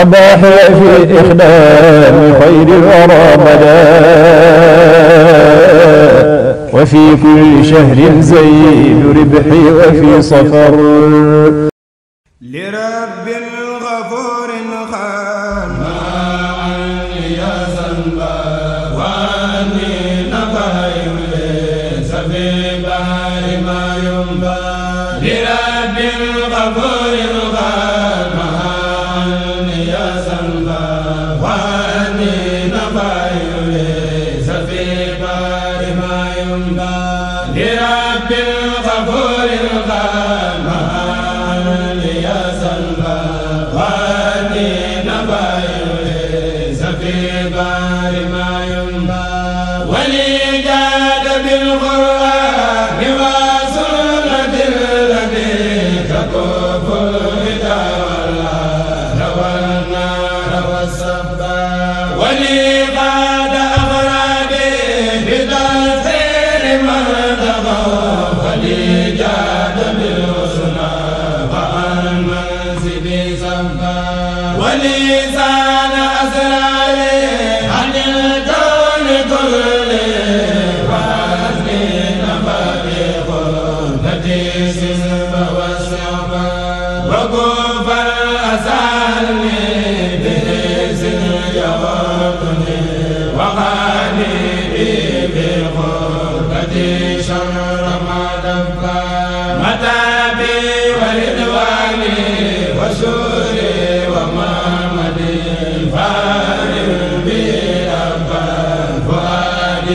وضاحي في إخدام خير الورى بدا وفي كل شهر زيد ربحي وفي صفر لرب ba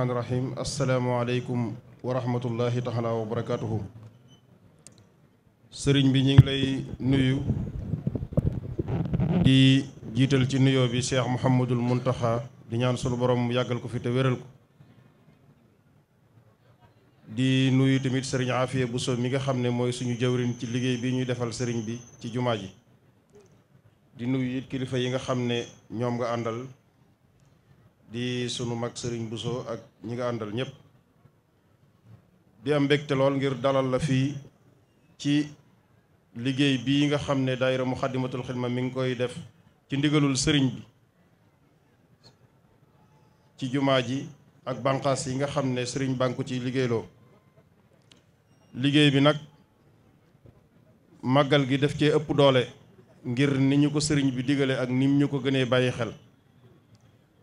rahmaani rahim asalaamaaleykum wa rahmatullahi taxala sëriñ bi ñu ngi lay nuyu. di jiital ci nuyoo bi cheikh Mouhamadul Muntaxa di ñaan sunu borom mu yàggal ko fi te wéral ko. di nuyu tamit sëriñ bu so mi nga xam ne mooy suñu jëwriñ ci liggéey bi ñuy defal sëriñ bi ci jumaa ji. di nuyu it kilifa yi nga xam ne ñoom nga àndal. di sunu mag sëriñ Bousso ak ñi nga àndal ñëpp di am mbégte lool ngir dalal la fii ci liggéey bii nga xam ne mu Muxaddamatul Xidma mi ngi koy def ci ndigalul sëriñ bi ci jumaa ji ak bànqaas yi nga xam ne sëriñ bànku ci liggéeyloo liggéey bi nag màggal gi def cee ëpp doole ngir ni ñu ko sëriñ bi digale ak ni ñu ko gënee bàyyi xel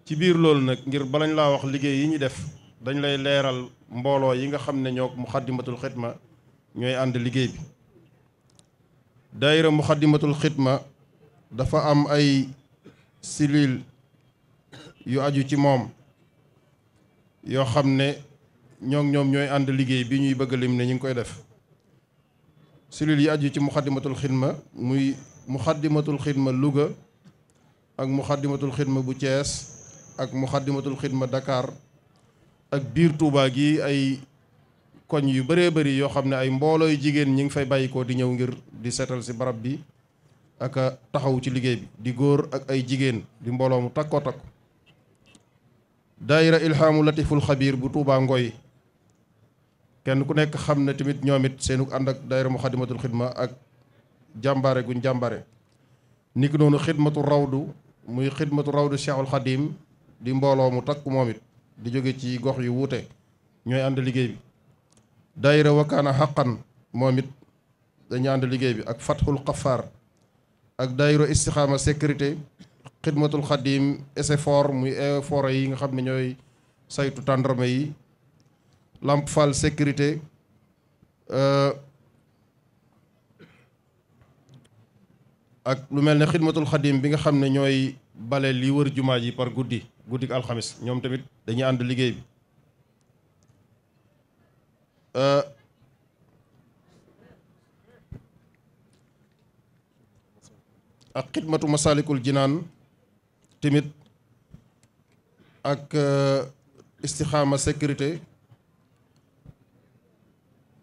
ci biir loolu nag ngir balañ laa wax liggéey yi ñu def dañ lay leeral mbooloo yi nga xam ne ñoo muxaddimatul xidma ñooy ànd liggéey bi daayira muxaddimatul xidma dafa am ay silil yu aju ci moom yoo xam ne ñoo ñoom ñooy ànd liggéey bi ñuy bëgg lim ne ñu ngi koy def silil yi aju ci muxaddimatul xidma muy muxaddimatul xidma Louga ak muxaddimatul xidma bu cees ak muxaddamatul xidma Dakar ak biir Touba gi ay koñ yu bëree bëri yoo xam ne ay mboolooy jigéen ñi ngi fay bàyyikoo di ñëw ngir di seetal si barab bi ak taxaw ci liggéey bi di góor ak ay jigéen di mbooloo mu takkoo takk daayira ilhaamu latiful xabiir bu Touba Ngoy kenn ku nekk xam ne tamit ñoomit it seenu ànd ak daayira muxaddamatul xidma ak jàmbaare guñ jàmbaare niki noonu xidmatu rawdu muy xidmatu rawdu Cheikhul Xadim di mbooloo mu takk moom it di jóge ci gox yu wuute ñooy ànd liggéey bi daayira wakkaana xaqan moom it dañu ànd liggéey bi ak fathul xafaar ak daayira istixaama sécurité xidmatul xadim SFOR muy effort yi nga xam ne ñooy saytu tàndarma yi Lamp Fall sécurité euh, ak lu mel ne xidmatul xadim bi nga xam ne ñooy bale li wër jumaa ji par guddi guddik alxamis ñoom tamit dañuy ànd liggéey bi euh, ak xidmatu masalikul jinaan tamit ak euh, istixaama sécurité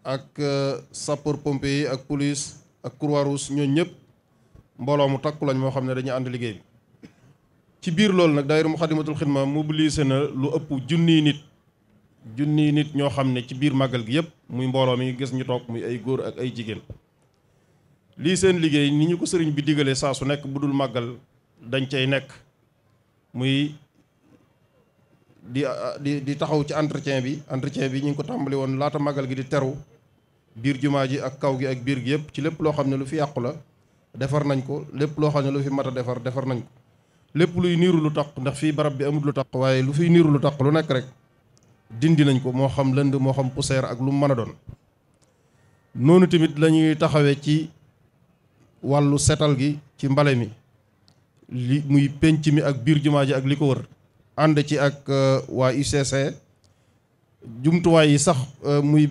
ak euh, sapeur pompier yi ak police ak croix rouge ñooñu ñëpp mbooloo mu takku lañ moo xam ne dañuy ànd liggéey bi ci biir loolu nag daayira Muxaddamatul Xidma mobilisé na lu ëpp junniy nit junniy nit ñoo xam ne ci biir màggal gi yëpp muy mbooloo mi gis ñu toog muy ay góor ak ay jigéen lii seen liggéey ni ñu ko sëriñ bi digalee saa su nekk bu dul màggal dañ cay nekk muy di di di taxaw ci entretien bi entretien bi ñu ngi ko tàmbali woon laata màggal gi di teru biir jumaa ji ak kaw gi ak biir gi yëpp ci lépp loo xam ne lu fi yàqu la defar nañ ko lépp loo xam ne lu fi mat defar defar nañ lépp luy niiru lu taq ndax fii barab bi amul lu taq waaye lu fiy niiru lu taq lu nekk rek dindi nañ ko moo xam lënd moo xam poussière ak lu man a doon noonu tamit lañuy taxawee ci wàllu setal gi ci mbale mi li muy penc mi ak biir jumaa ji ak li ko wër ànd ci ak euh, waa UCC jumtuwaay yi sax euh, muy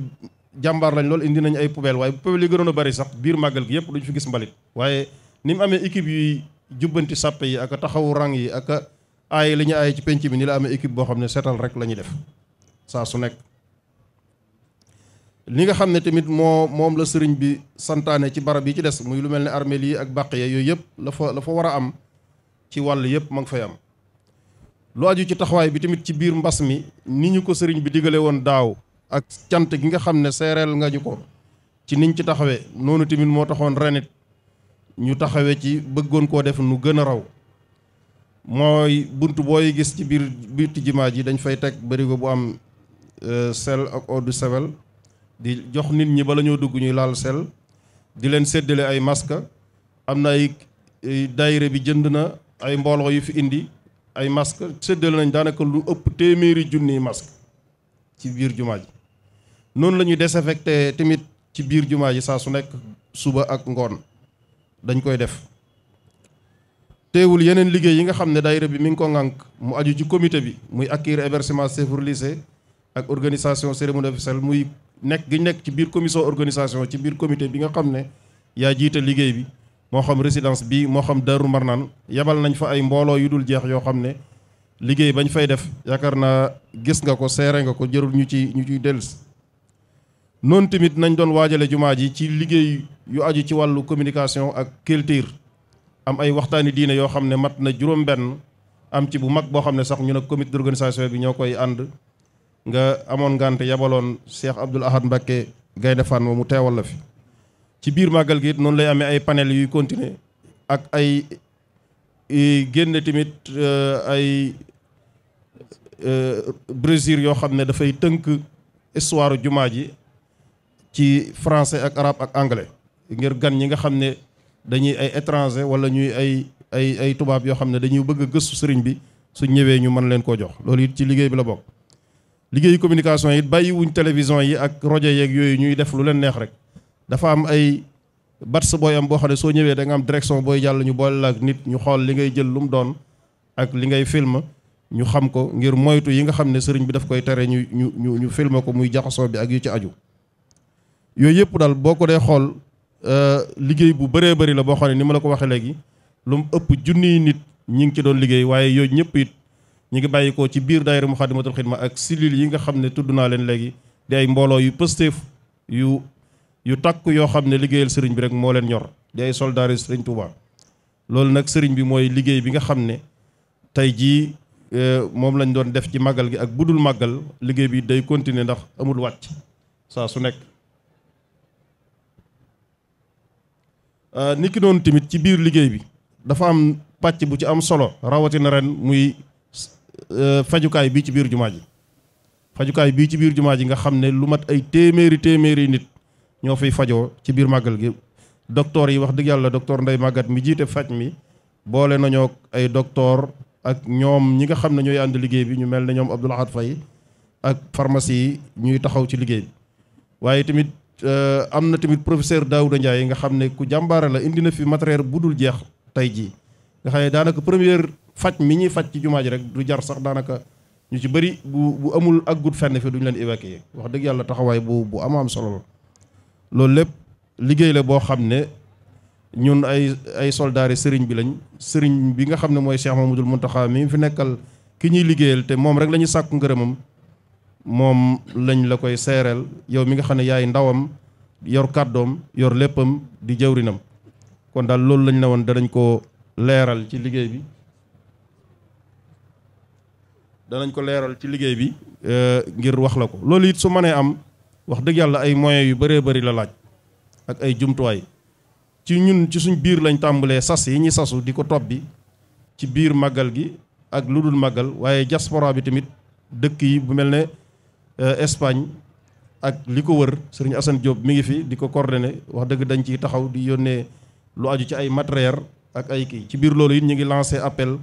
jàmbaar lañ lool indi nañ ay poubelle waaye poubelle yi gënoon a bari sax biir màggal gi yëpp duñ fi gis mbalit waaye ni mu amee équipe yi jubbanti sàppe yi ak a taxawu rang yi ak a aay li ñu aay ci penc bi ni la amee équipe boo xam ne seetal rek la ñuy def saa su nekk li nga xam ne tamit moo moom la sëriñ bi santaane ci barab yi ci des muy lu mel ne armeel yi ak bàq ya yooyu yëpp la fa la fa war a am ci wàll yëpp ma ngi fay am lu aju ci taxawaay bi tamit ci biir mbas mi ni ñu ko sëriñ bi digale woon daaw ak cant gi nga xam ne seereel nga ñu ko ci niñ ci taxawee noonu tamit moo taxoon renit ñu taxawe ci bëggoon koo def nu gën a raw mooy bunt booy gis ci biir biir jumaa ji dañ fay teg bërigo bu am euh, sel ak eau de di jox nit ñi bala ñoo dugg ñuy laal sel di leen séddale ay masque am na ay daayira bi jënd na ay mbooloo yu fi indi ay masque séddale nañ daanaka lu ëpp téeméeri junniy masque ci biir jumaa ji noonu la ñuy désinfecté tamit ci biir jumaa ji saa su nekk suba ak ngoon dañ koy def teewul yeneen liggéey yi nga xam ne daayira bi mi ngi ko ŋànk mu aju ci comité bi muy accueil et versement chauffeur lycée ak organisation cérémonie officielle muy nekk gi nekk ci biir commission organisation ci biir comité bi nga xam ne yaa jiite liggéey bi moo xam résidence bi moo xam Daaru Marnaan yebal nañ fa ay mbooloo yu dul jeex yoo xam ne liggéey bañ fay def yaakaar naa gis nga ko seere nga ko jërul ñu ci ñu ciy si noon tamit nañ doon waajale jumaa ji ci liggéey yu aju ci wàllu communication ak culture am ay waxtaani diine yoo xam ne mat na juróom-benn am ci bu mag boo xam ne sax ñu ne comité d'organisation bi ñoo koy ànd nga amoon ngante yabaloon Cheikh Abdoul Ahad Mbacké Gaynde Fatma mu teewal la fi ci biir màggal gi it noonu lay amee ay panel yuy continuer ak ay génne tamit euh, ay euh, brésil yoo xam ne dafay tënk histoire jumaa ji ci français ak arabe ak anglais ngir gan ñi nga xam ne dañuy ay étranger wala ñuy ay ay ay tubaab yoo xam ne dañuy bëgg a gëstu sëriñ bi suñ ñëwee ñu mën leen koo jox loolu it ci liggéey bi la bokk. liggéeyu communication it bàyyiwuñ wuñ yi ak rajo yeeg yooyu ñuy def lu leen neex rek dafa am ay bats booy am boo xam ne soo ñëwee da nga am direction booy jàll ñu boole la ak nit ñu xool li ngay jël lu mu doon ak li ngay film ñu xam ko ngir moytu yi nga xam ne sëriñ bi daf koy tere ñu ñu ñu ñu film ko muy jaxasoo bi ak ci aju. yooyu yëpp daal boo ko dee xool euh, liggéey bu baree bëri la boo xam ne ni ma la ko waxee léegi lu mu ëpp junniy nit ñi ngi ci doon liggéey waaye yooyu ñëpp it ñu ngi bàyyi ko ci biir daayira Muxaddamatul Xidma ak cellules yi nga xam ne tudd naa leen léegi di mbooloo yu pësteef yu yu takk yoo xam ne liggéeyal sëriñ bi rek moo leen ñor di ay soldaar yu sëriñ Tuuba loolu nag sëriñ bi mooy liggéey bi nga xam ne tey jii euh, moom lañ doon def ci màggal gi ak bu dul màggal liggéey bi day continuer ndax amul wàcc saa su nekk Euh, ni ki noonu tamit ci biir liggéey bi dafa am pàcc bu ci am solo rawatina ren muy euh, fajukaay bii ci biir jumaa ji fajukaay bii ci biir jumaa ji nga xam ne lu mat ay téeméeri téeméeri nit ñoo fiy fajoo ci biir màggal gi docteur yi wax dëgg yàlla docteur Ndeye Maguette mi jiite faj mi boole nañoo ay docteur ak ñoom ñi nga xam ne ñooy ànd liggéey bi ñu mel ne ñoom Abdoul Ahad Faye ak pharmacie yi ñuy taxaw ci liggéey bi waaye tamit Euh, am na tamit professeur Daouda yi nga xam ne ku jàmbaare la indi na fi matériel bu dul jeex tey jii nga xam ne daanaka première faj mi ñuy faj ci jumaa ji rek du jar sax daanaka ñu ci bëri bu bu amul ak gut fenn fi duñu leen évacuer wax dëgg yàlla taxawaay bu bu am am solo la loolu lépp liggéey la boo xam ne ñun ay ay soldaari sëriñ bi lañ sëriñ bi nga xam ne mooy mu Cheikh Mamadou Mountakha mi fi nekkal ki ñuy liggéeyal te moom rek la ñu sàkku ngërëmam moom lañ la koy seereel yow mi nga xam ne yaay ndawam yor kàddoom yor léppam di jëwrinam kon daal loolu lañ ne woon danañ ko leeral ci liggéey bi danañ ko leeral ci liggéey bi euh, ngir wax la ko loolu it su mënee am wax dëgg yàlla ay moyens yu bëree bari la laaj ak ay jumtuwaay ci ñun ci suñ biir lañ tàmbalee sas yi ñuy sasu di ko topp bi ci biir màggal gi ak lu dul màggal waaye diaspora bi tamit dëkk yi bu mel ne Euh, Espagne ak li ko wër sëriñ Assane Diop mi ngi fi di ko coordonné wax dëgg dañ ciy taxaw di yónnee lu aju ci ay matériel ak ay kii ci biir loolu yit ñu ngi lancé appel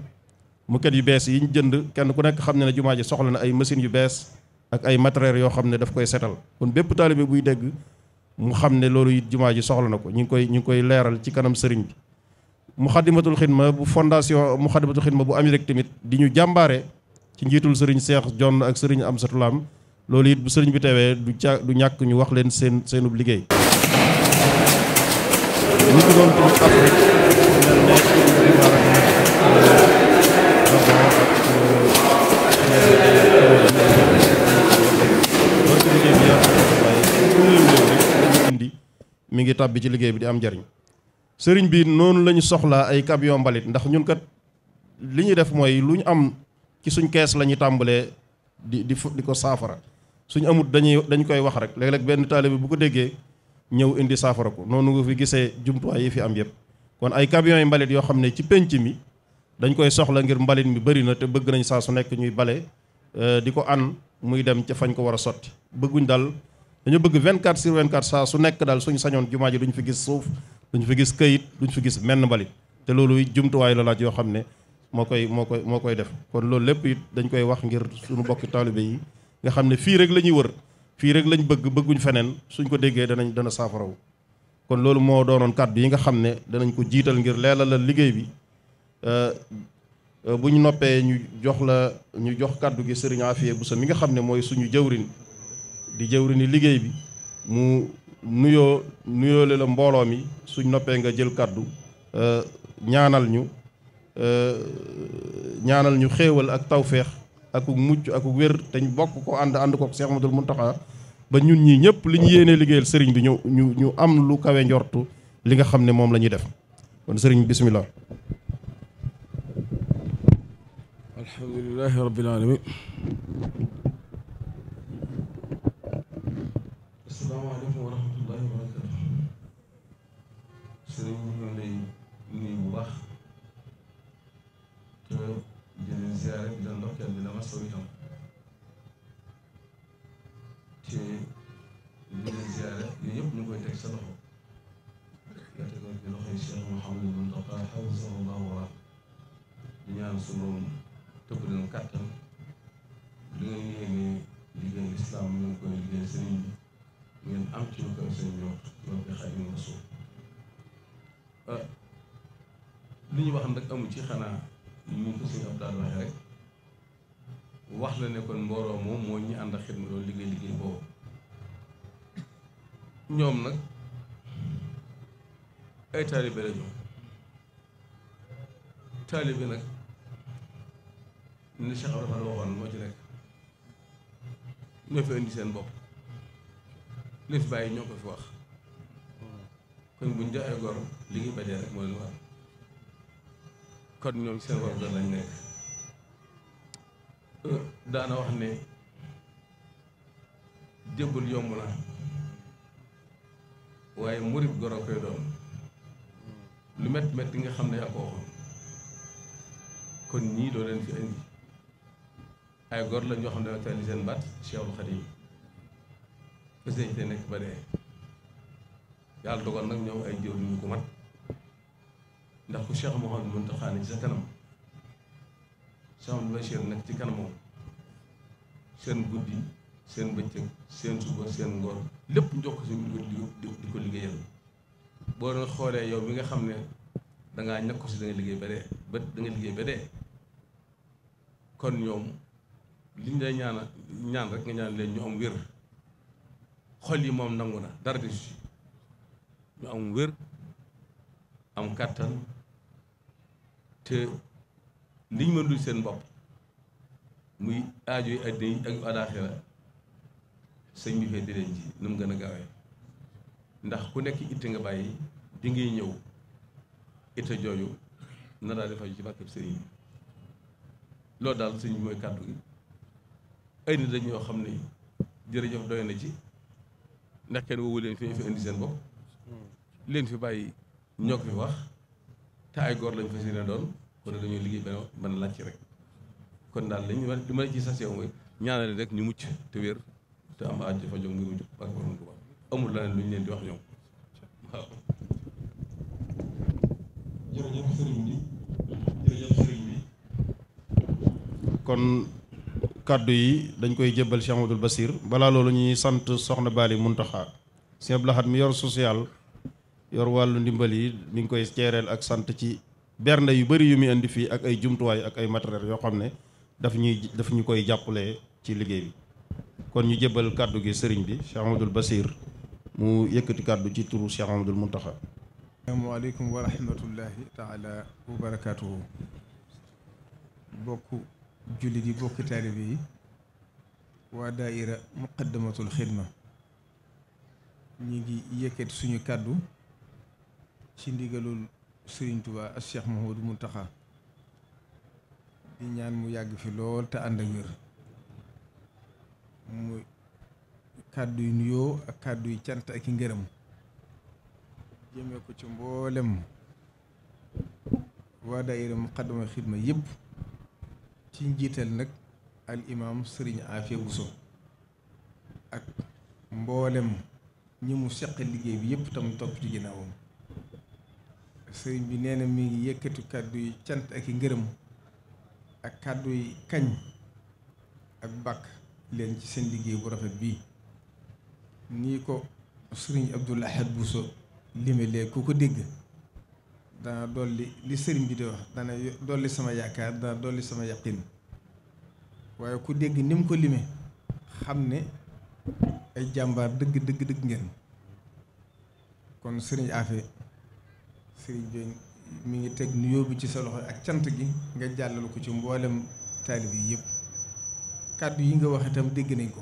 moquette yu bees yi ñu jënd kenn ku nekk xam ne ne jumaa ji soxla na ay machines yu bees ak ay matériel yoo xam ne daf koy setal kon bépp taalibe buy dégg mu xam ne loolu it jumaa ji soxla na ko ñu ngi koy ñu ngi koy leeral ci kanam sëriñ bi mu muxadimatul xidma bu fondation muxadimatul xidma bu Amérique tamit di ñu jàmbaare ci njiitul sëriñ Cheikh John ak sëriñ Amsatoulam loolu it bu sëriñ bi teewee du ca du ñàkk ñu wax leen seen seenub liggéey. ñu mi ngi tàbbi ci liggéey bi di am njariñ sëriñ bi noonu lañu soxlaa ay camion ndax ñunkat kat li ñuy def mooy lu ñu am ci suñ kees lañuy ñuy tàmbalee di di ko saafara suñu amut dañuy dañu koy wax rek léeg-léeg benn taalibe bu ko déggee ñëw indi saafara ko noonu nga fi gisee jumtuwaay yi fi am yëpp kon ay camions yi mbalit yoo xam ne ci penc mi dañ koy soxla ngir mbalit mi bëri na te bëgg nañ saa su nekk ñuy bale euh, di ko an muy dem ca fañ ko war a sotti bëgguñ daal dañu bëgg 24 sur 24 saa su nekk daal suñu sañoon jumaa ji duñ fi gis suuf duñ fi gis këyit duñ fi gis menn mbalit te loolu jumtuwaay la laaj yoo xam ne moo koy moo koy moo koy def kon loolu lépp it dañ koy wax ngir suñu bokki taalibe yi nga xam ne fii rek la ñuy wër fii rek lañ bëgg bëgguñ feneen suñ ko déggee danañ dana saafarawu kon loolu moo doonoon kàddu yi nga xam ne danañ ko jiital ngir leelalal liggéey bi euh, euh, bu ñu noppee ñu jox la ñu jox kàddu gi sëriñ Afiye bu sa mi nga xam ne mooy suñu jëwrin di jëwrini liggéey bi mu nuyoo nuyoole la mbooloo mi suñ noppee nga jël kàddu euh, ñaanal ñu ñaanal ñu xéewal ak tawféex akuk mucc akuk wér dañ bokk ko ànd ànd kook Cheikh Amadou Mountakha ba ñun ñii ñëpp li ñu yéene liggéeyal sëriñ bi ñu ñu ñu am lu kawe njortu li nga xam ne moom la ñuy def kon sëriñ bisimilah. ngeen yéenee liggéey islam ngeen koy liggéey sëriñ bi ngeen am ci lu koy seen ñoom ñoom bi suuf euh, li ñu wax nag amu ci xanaa ñu ko suñu ab daal wax la ne kon mbooloo moo ñu ànd ak xidma loolu liggéey liggéey boobu ñoom nag ay taalibe lañu taalibe nag ni Cheikh Abdou Fall waxoon moo ci nekk ñoo fi indi seen bopp li fi bàyyi ñoo ko fi wax kon buñ joxee gor liggéey ba dee rek mooy lu war kon ñoom seen war ga lañ nekk euh, daana wax ne jébbul yomb na waaye murit goro koy doon lu mett mett nga xam ne yaa ko kon ñii doo leen fi indi ay gor lañ ñoo xam ne teel seen baat Cheikhul Khadim fas yéene te nekk ba dee yàlla dogal nag ñoom ay jiw ñu ko mat ndax ku Cheikh Mouhamadou Mountakha ne ci sa kanam Cheikh Bachir nekk ci kanamoom seen guddi seen bëccëg seen suba seen ngoor lépp njox ko si di ko liggéeyal boo doon xoolee yow mi nga xam ne dangaa ñàkk ko si da liggéey ba dee ba da nga liggéey ba dee kon ñoom. liñ lay ñaan ñaan rek nga ñaan leen ñu am wér xol yi moom nangu na dara de si ñu am wér am kàttan te liñ mën dul seen bopp muy aajo yi àddina yi ak sëñ bi fee di leen nu mu gën a gaawee ndax ku nekk it nga bàyyi di ngay ñëw itte jooju na daa defal faju ci barkeb sëriñ bi loolu daal sëñ bi mooy kàddu gi ay nit lañ yoo xam ne jërëjëf doy na ci ndax kenn woowu leen fi fi indi seen bopp leen fi bàyyi ñoo ko fi wax te ay góor lañ fas yéene doon kon dañuy liggéey benn benn lañ ci rek kon daal lañ li ma ci sas yow mooy ñaanale rek ñu mucc te wér te am àjj fa jóg ngir mucc ak borom Tuubaa amul lu ñu leen di wax ñoom kon. kàddu yi dañ koy jébbal Cheikh Amadou Bassir balaa loolu ñuy sant soxna Bali Muntaxa Sëñ Abdou Lahad mi yor social yor wàllu ndimbal yi mi ngi koy ceereel ak sant ci bernde yu bari yu muy indi fii ak ay jumtuwaay ak ay matériel yoo xam ne daf ñuy daf ñu koy jàppale ci liggéey bi kon ñu jébbal kàddu gi sëriñ bi Cheikh Amadou Bassir mu yëkkati kàddu ci turu Cheikh Amadou Muntaxa asalaamaaleykum wa rahmatullahi taala wa jullit yi bokki taalibe yi waa daaira muqaddamatul xidma ñi ngi yëkkat suñu kàddu ci ndigalul Sëriñ Tuubaa ak Cheikh Mouhamadou Mountakha di ñaan mu yàgg fi lool te ànd ak wér mu kàddu yu nuyoo ak kàddu yu cant ak i ngërëm jëmee ko ci mboolem waa daaira muqaddamatul xidma yëpp ci njiital nag al imaam sëriñ Afia Bousso ak mboolem ñi mu seq liggéey bi yëpp tam topp ci ginnaawam sëriñ bi nee na mi ngi yëkkatu kàddu yi cant ak i ngërëm ak kàddu yi kañ ak bàkk leen ci seen liggéey bu rafet bii ni ko Serigne Abdoul Ahad Bousso limelee ku ko dégg dana dolli li sëriñ bi di wax dana dolli sama yaakaar dana dolli sama yaqin waaye ku dégg ni mu ko limee xam ne ay jàmbaar dëgg dëgg dëgg ngeen kon sëriñ Afe sëriñ bi mu ngi teg nuyoo bi ci sa loxo ak cant gi nga jàllal ko ci mboolem taalib yi yëpp kàddu yi nga wax itam dégg nañ ko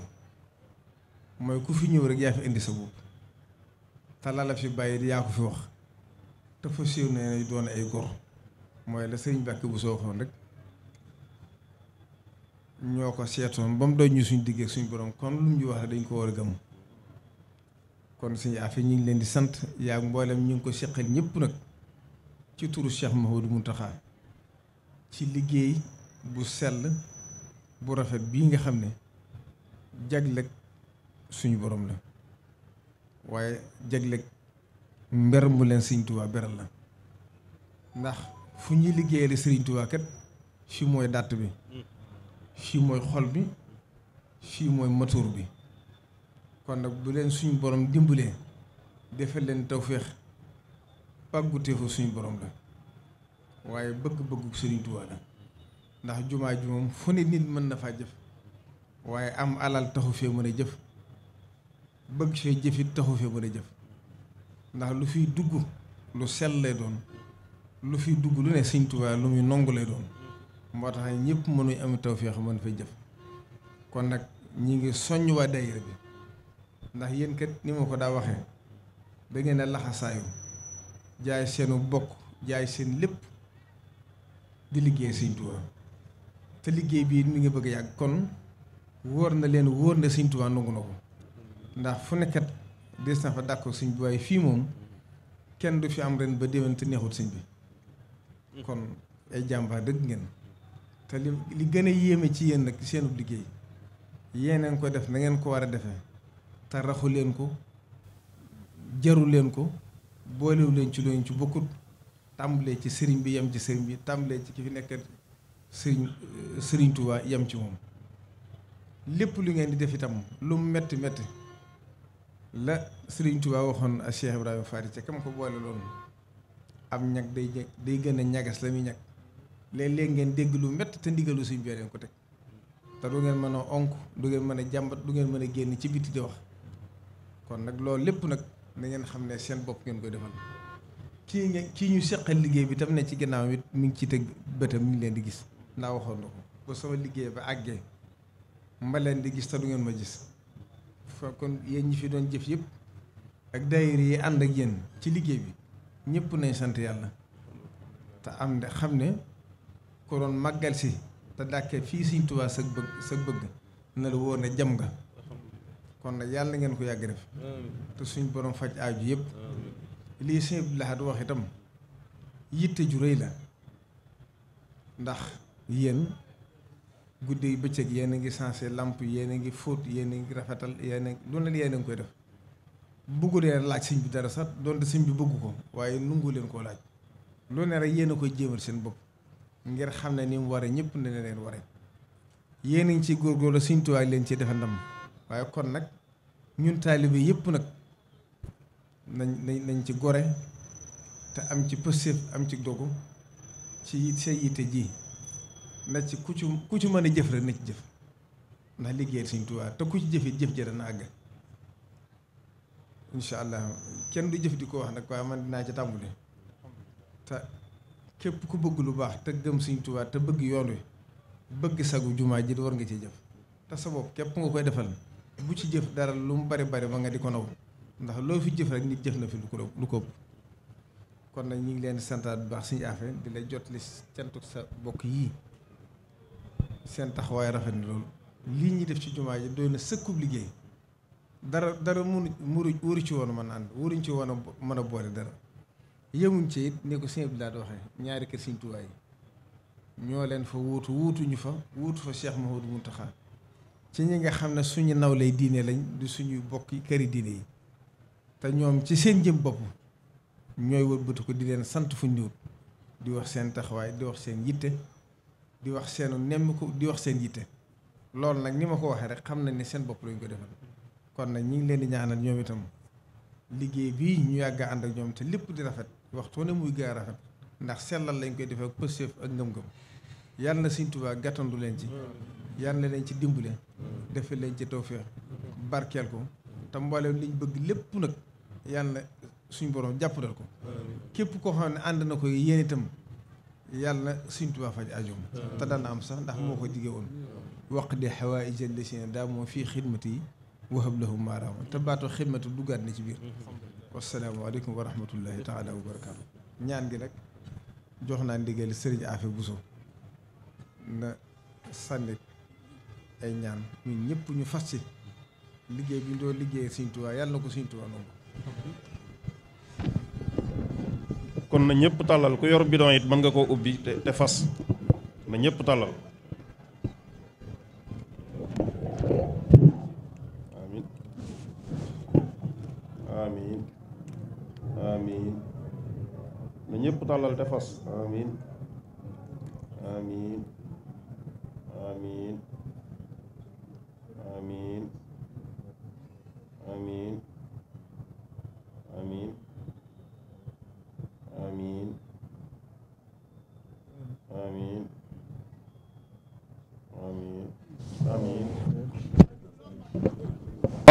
mooy ku fi ñëw rek yaa fi indi sa bopp te la la fi bàyyi yaa ko fi wax. te fas yéene doon ay góor mooy la sëñ Mbàkke bu soo waxoon rek ñoo ko seetoon ba mu doy ñu suñ diggee suñu boroom kon lu ñu wax dañ ko war a gëm kon suñu affaire ñu ngi leen di sant yaa mbooleem ñu ngi ko seqal ñëpp nag ci turu Cheikh Mouhamadou Mountakha ci liggéey bu sell bu rafet bii nga xam ne jagleeg suñu boroom la waaye jagleeg. mber mu leen sëriñ beral la ndax fu ñuy liggéeyale sëriñ Tuubaa kat fii mooy dàtt bi fii mooy xol bi fii mooy moteur bi kon nag bu leen suñu borom dimbalee defal leen tawféex pàgguteefu suñu borom la waaye bëgg-bëggu sëriñ la ndax jumaa ji moom fu nit mën na faa jëf waaye am alal taxu fee mën a jëf bëgg fee jëfit taxu fee mën a jëf ndax lu fiy dugg lu sell lay doon lu fiy dugg lu ne Sëñ lu muy nongu lay doon moo tax ñëpp mënuñ am tawfeex mën fay jëf kon nag ñi ngi soññ waa daayira bi ndax yéen kat ni ma ko daa waxe da ngeen a laxasaayu jaay seenu bokk jaay seen lépp di liggéey Sëñ te liggéey bii mi ngi bëgg yàgg kon wóor na leen wóor na Sëñ Tuubaa na ko ndax fu nekkat des na fa d'accord sëñ bi waaye fii moom kenn du fi am ren ba déwén te neexut sëñ bi mm-hmm. kon ay jàmbaar dëgg ngeen te li li gën a yéeme ci yéen nag seenub liggéey yéeneen ko def nangeen ko war a defee te raxu leen ko jaru leen ko boolewu leen ci loolu ci bokkut tàmbalee ci sëriñ bi yem ci sëriñ bi tàmbalee ci ki fi nekk sëriñ sëriñ Tuubaa yem ci moom lépp lu ngeen di def itam lu metti metti la Serigne Touba waxoon ak Cheikh Ibrahima Faty ca kam ko boole loon am ñag day jeg day gën a ñagas la muy ñag léeg-léeg ngeen dégg lu métti te ndigalu suñ bi ko teg te du ngeen mën a onk du ngeen mën a jàmbat du ngeen mën a génn ci biti di wax kon nag loolu lépp nag na ngeen xam ne seen bopp ngeen koy defal kii ngeen kii ñu seqal liggéey bi tam ne ci ginnaaw it mi ngi ci teg bëtam mu ngi leen di gis ndax waxoon na ko ba sama liggéey ba àggee ma leen di gis te du ngeen ma gis fa kon yéen ñi fi doon jëf yëpp ak daayira yi ànd ak yéen ci liggéey bi ñëpp nañ sant yàlla te am ne xam ne ko doon màggal si te dàkkee fii Sëñ Tuubaa sa bëgg sa na la wóor ne jam nga kon nag yàlla ngeen ko yàgg def te suñ boroom faj aaju yëpp lii Sëñ Abdul wax itam yitte ju rëy la ndax yéen guddi bëccëg yéen a ngi sensé lamp yéen a ngi fóot yéen a ngi rafetal yéen a lu ne yéen a ngi koy def bëggu leen laaj sëñ bi dara sax donte siñ bi bëgg ko waaye nungu leen koo laaj lu ne rek yéen a koy jéemal seen bopp ngir xam ne ni mu waree ñëpp ne leen waree yéen a ngi ciy góorgóorlu sëñ Tuubaa leen ci defe ndam waaye kon nag ñun taalibe yëpp nag nañ nañ nañ ci gore te am ci pëstéef am ci dogu ci sa yitte ji. na ci ku ci ku ci mën a jëf rek na ci jëf ndax liggéeyal Sëriñ Tuubaa te ku ci jëfee jëf ja dana àgg incha allah kenn du jëf di ko wax nag waaye man naa ci tàmbule te képp ku bëgg lu baax te gëm Sëriñ Tuubaa te bëgg yoon wi bëgg sagu jumaa ji war nga ci jëf te sa bopp képp nga koy defal bu ci jëf dara lu mu bari bari ba nga di ko naw ndax loo fi jëf rek nit jëf na fi lu ko lu ko kon nag ñu ngi leen di santaat bu baax suñu affaire di la jot li cantuk sa bokk yii seen taxawaay rafet na lool lii ñuy def ci jumaa ji doy na sëkkub liggéey dara dara munu muru wuru ci woon mën a ànd wuruñ ci woon a mën a boole dara yemuñ ci it ne ko sëñ bi daal di waxee ñaari kër Sëñ Tuubaa yi ñoo leen fa wuutu wuutuñu fa wuutu fa Cheikh Mouhamadou Mountakha ci ñi nga xam ne suñu lay diine lañ di suñuy bokk këri diine yi te ñoom ci seen jëm bopp ñooy wëlbatu ko di leen sant fu ñu di wax seen taxawaay di wax seen yitte di wax seenu nemm ko di wax seen yitte loolu nag ni ma ko waxee rek xam nañ ni seen bopp lañ ko defal kon nag ñi ngi leen di ñaanal ñoom itam liggéey bii ñu yàgg ànd ak ñoom te lépp di rafet waxtu ne muy gaa rafet ndax sellal lañ koy defee ak pëstéef ak ngëm-ngëm yàlla na Sëñ gàttandu leen ci yàlla na leen ci dimbale defe leen ci tawfeex barkeel ko te mbooleem liñ bëgg lépp nag yàlla suñ borom jàppandal ko képp koo xam ne ànd na ko yéen itam yàlla na Sëriñ Tuubaa faj ajoom hmm. te dana am sax ndax moo ko jige woon hmm. waq di xawaayi jënd si ne daa fii xidmati yi wahab lahu maaraama te baatu xidmati duggaat na ci biir hmm. wasalaamaaleykum wa rahmatullahi taala wa barakaatu ñaan gi nag jox naa ndigal sëriñ Afe Buso na sànni ay ñaan ñun ñëpp ñu fas ci liggéey bi ñu doon liggéey Sëriñ Tuubaa yàlla na ko Sëriñ Tuubaa nangu kon na ñëpp tàllal ku yor bidon it mën nga koo ubbi te fas na ñëpp tàllal amin amin na ñëpp tàllal te fas amin amin